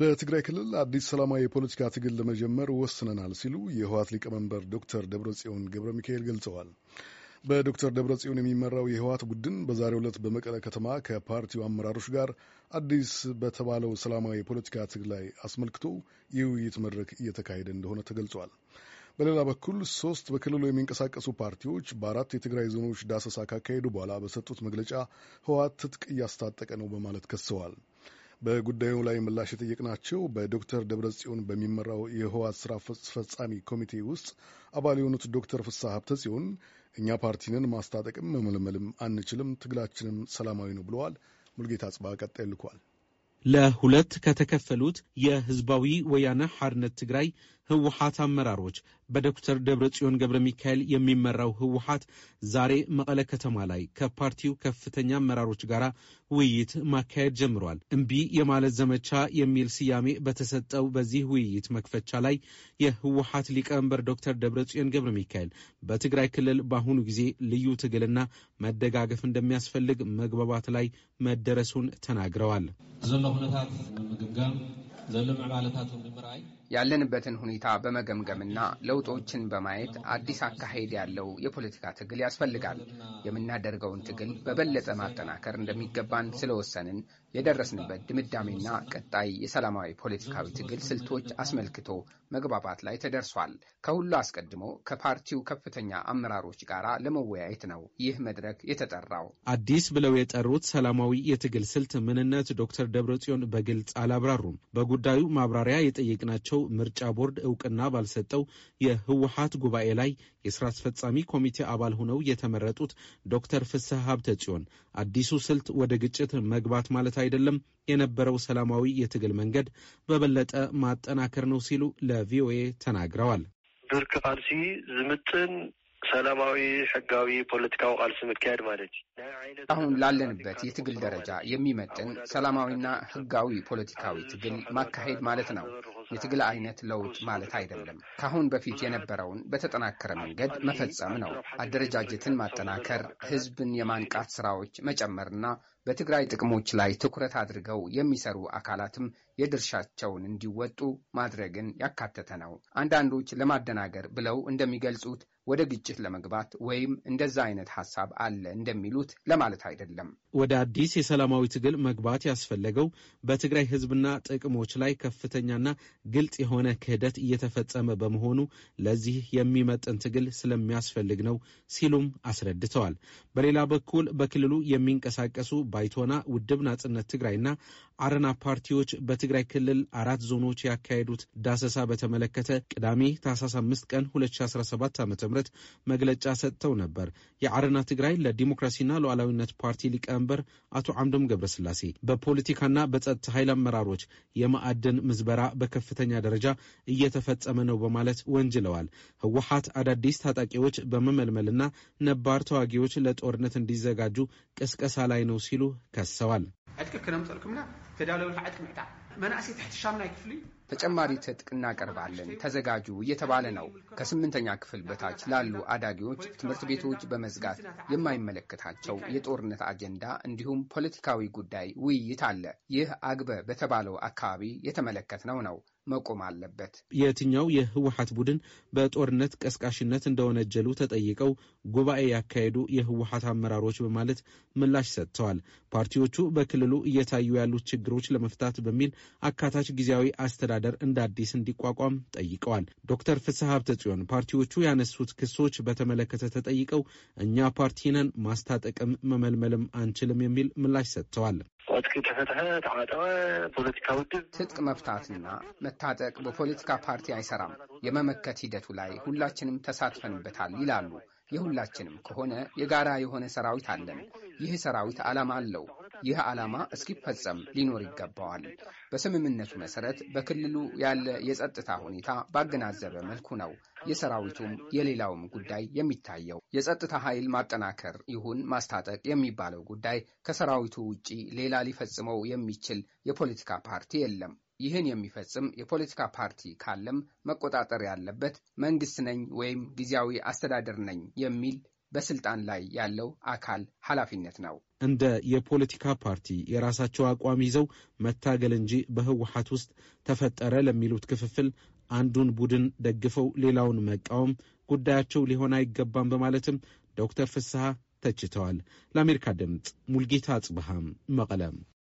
በትግራይ ክልል አዲስ ሰላማዊ የፖለቲካ ትግል ለመጀመር ወስነናል ሲሉ የህወሓት ሊቀመንበር ዶክተር ደብረጽዮን ገብረ ሚካኤል ገልጸዋል። በዶክተር ደብረጽዮን የሚመራው የህወሓት ቡድን በዛሬው ዕለት በመቀለ ከተማ ከፓርቲው አመራሮች ጋር አዲስ በተባለው ሰላማዊ የፖለቲካ ትግል ላይ አስመልክቶ የውይይት መድረክ እየተካሄደ እንደሆነ ተገልጿል። በሌላ በኩል ሶስት በክልሉ የሚንቀሳቀሱ ፓርቲዎች በአራት የትግራይ ዞኖች ዳሰሳ ካካሄዱ በኋላ በሰጡት መግለጫ ህወሓት ትጥቅ እያስታጠቀ ነው በማለት ከሰዋል። በጉዳዩ ላይ ምላሽ የጠየቅናቸው በዶክተር ደብረጽዮን በሚመራው የህወሓት ስራ አስፈጻሚ ኮሚቴ ውስጥ አባል የሆኑት ዶክተር ፍሳ ሀብተ ጽዮን እኛ ፓርቲንን ማስታጠቅም መመልመልም አንችልም፣ ትግላችንም ሰላማዊ ነው ብለዋል። ሙልጌታ አጽባ ቀጣይ ልኳል። ለሁለት ከተከፈሉት የህዝባዊ ወያነ ሐርነት ትግራይ ህወሓት አመራሮች በዶክተር ደብረ ጽዮን ገብረ ሚካኤል የሚመራው ህወሓት ዛሬ መቀለ ከተማ ላይ ከፓርቲው ከፍተኛ አመራሮች ጋር ውይይት ማካሄድ ጀምሯል። እምቢ የማለት ዘመቻ የሚል ስያሜ በተሰጠው በዚህ ውይይት መክፈቻ ላይ የህወሓት ሊቀመንበር ዶክተር ደብረ ጽዮን ገብረ ሚካኤል በትግራይ ክልል በአሁኑ ጊዜ ልዩ ትግልና መደጋገፍ እንደሚያስፈልግ መግባባት ላይ መደረሱን ተናግረዋል። ዘሎ ሁነታት ምግምጋም ዘሎ ምዕባለታት ምምርኣይ ያለንበትን ሁኔታ በመገምገምና ለውጦችን በማየት አዲስ አካሄድ ያለው የፖለቲካ ትግል ያስፈልጋል። የምናደርገውን ትግል በበለጠ ማጠናከር እንደሚገባን ስለወሰንን የደረስንበት ድምዳሜና ቀጣይ የሰላማዊ ፖለቲካዊ ትግል ስልቶች አስመልክቶ መግባባት ላይ ተደርሷል። ከሁሉ አስቀድሞ ከፓርቲው ከፍተኛ አመራሮች ጋር ለመወያየት ነው ይህ መድረክ የተጠራው። አዲስ ብለው የጠሩት ሰላማዊ የትግል ስልት ምንነት ዶክተር ደብረጽዮን በግልጽ አላብራሩም። በጉዳዩ ማብራሪያ የጠየቅናቸው ምርጫ ቦርድ እውቅና ባልሰጠው የህወሀት ጉባኤ ላይ የስራ አስፈጻሚ ኮሚቴ አባል ሆነው የተመረጡት ዶክተር ፍስህ ሀብተ ጽዮን አዲሱ ስልት ወደ ግጭት መግባት ማለት አይደለም፣ የነበረው ሰላማዊ የትግል መንገድ በበለጠ ማጠናከር ነው ሲሉ ለቪኦኤ ተናግረዋል። ብርክ ቃልሲ ዝምጥን ሰላማዊ ሕጋዊ ፖለቲካዊ ቃልሲ ምካሄድ ማለት አሁን ላለንበት የትግል ደረጃ የሚመጥን ሰላማዊና ሕጋዊ ፖለቲካዊ ትግል ማካሄድ ማለት ነው። የትግል አይነት ለውጥ ማለት አይደለም። ከአሁን በፊት የነበረውን በተጠናከረ መንገድ መፈጸም ነው። አደረጃጀትን ማጠናከር፣ ህዝብን የማንቃት ስራዎች መጨመርና በትግራይ ጥቅሞች ላይ ትኩረት አድርገው የሚሰሩ አካላትም የድርሻቸውን እንዲወጡ ማድረግን ያካተተ ነው። አንዳንዶች ለማደናገር ብለው እንደሚገልጹት ወደ ግጭት ለመግባት ወይም እንደዛ አይነት ሀሳብ አለ እንደሚሉት ለማለት አይደለም። ወደ አዲስ የሰላማዊ ትግል መግባት ያስፈለገው በትግራይ ሕዝብና ጥቅሞች ላይ ከፍተኛና ግልጽ የሆነ ክህደት እየተፈጸመ በመሆኑ ለዚህ የሚመጥን ትግል ስለሚያስፈልግ ነው ሲሉም አስረድተዋል። በሌላ በኩል በክልሉ የሚንቀሳቀሱ ባይቶና፣ ውድብ ናጽነት ትግራይና አረና ፓርቲዎች በትግራይ ክልል አራት ዞኖች ያካሄዱት ዳሰሳ በተመለከተ ቅዳሜ ታህሳስ 5 ቀን 2017 ዓ ም መግለጫ ሰጥተው ነበር። የአረና ትግራይ ለዲሞክራሲና ሉዓላዊነት ፓርቲ ሊቀመንበር አቶ አምዶም ገብረስላሴ በፖለቲካና በጸጥታ ኃይል አመራሮች የማዕድን ምዝበራ በከፍተኛ ደረጃ እየተፈጸመ ነው በማለት ወንጅለዋል። ህወሓት አዳዲስ ታጣቂዎች በመመልመልና ነባር ተዋጊዎች ለጦርነት እንዲዘጋጁ ቅስቀሳ ላይ ነው ሲሉ ሲሉ ከሰዋል። ትሕቲ ሻምናይ ክፍሊ ተጨማሪ ትጥቅ እናቀርባለን ተዘጋጁ እየተባለ ነው። ከስምንተኛ ክፍል በታች ላሉ አዳጊዎች ትምህርት ቤቶች በመዝጋት የማይመለከታቸው የጦርነት አጀንዳ እንዲሁም ፖለቲካዊ ጉዳይ ውይይት አለ። ይህ አግበ በተባለው አካባቢ የተመለከትነው ነው። መቆም አለበት። የትኛው የህወሀት ቡድን በጦርነት ቀስቃሽነት እንደወነጀሉ ተጠይቀው ጉባኤ ያካሄዱ የህወሀት አመራሮች በማለት ምላሽ ሰጥተዋል። ፓርቲዎቹ በክልሉ እየታዩ ያሉት ችግሮች ለመፍታት በሚል አካታች ጊዜያዊ አስተዳደር እንደ አዲስ እንዲቋቋም ጠይቀዋል። ዶክተር ፍስሐ ሀብተ ፓርቲዎቹ ያነሱት ክሶች በተመለከተ ተጠይቀው እኛ ፓርቲ ነን፣ ማስታጠቅም መመልመልም አንችልም የሚል ምላሽ ሰጥተዋል። ትጥቅ ተፈተሐ ተዋጠወ ፖለቲካ ውድብ ትጥቅ መፍታትና መታጠቅ በፖለቲካ ፓርቲ አይሰራም። የመመከት ሂደቱ ላይ ሁላችንም ተሳትፈንበታል ይላሉ። የሁላችንም ከሆነ የጋራ የሆነ ሰራዊት አለን። ይህ ሰራዊት ዓላማ አለው። ይህ ዓላማ እስኪፈጸም ሊኖር ይገባዋል። በስምምነቱ መሰረት በክልሉ ያለ የጸጥታ ሁኔታ ባገናዘበ መልኩ ነው የሰራዊቱም የሌላውም ጉዳይ የሚታየው። የጸጥታ ኃይል ማጠናከር ይሁን ማስታጠቅ የሚባለው ጉዳይ ከሰራዊቱ ውጪ ሌላ ሊፈጽመው የሚችል የፖለቲካ ፓርቲ የለም። ይህን የሚፈጽም የፖለቲካ ፓርቲ ካለም መቆጣጠር ያለበት መንግስት ነኝ ወይም ጊዜያዊ አስተዳደር ነኝ የሚል በስልጣን ላይ ያለው አካል ኃላፊነት ነው። እንደ የፖለቲካ ፓርቲ የራሳቸው አቋም ይዘው መታገል እንጂ በህወሓት ውስጥ ተፈጠረ ለሚሉት ክፍፍል አንዱን ቡድን ደግፈው ሌላውን መቃወም ጉዳያቸው ሊሆን አይገባም በማለትም ዶክተር ፍስሐ ተችተዋል። ለአሜሪካ ድምፅ ሙልጌታ አጽብሃም መቀለም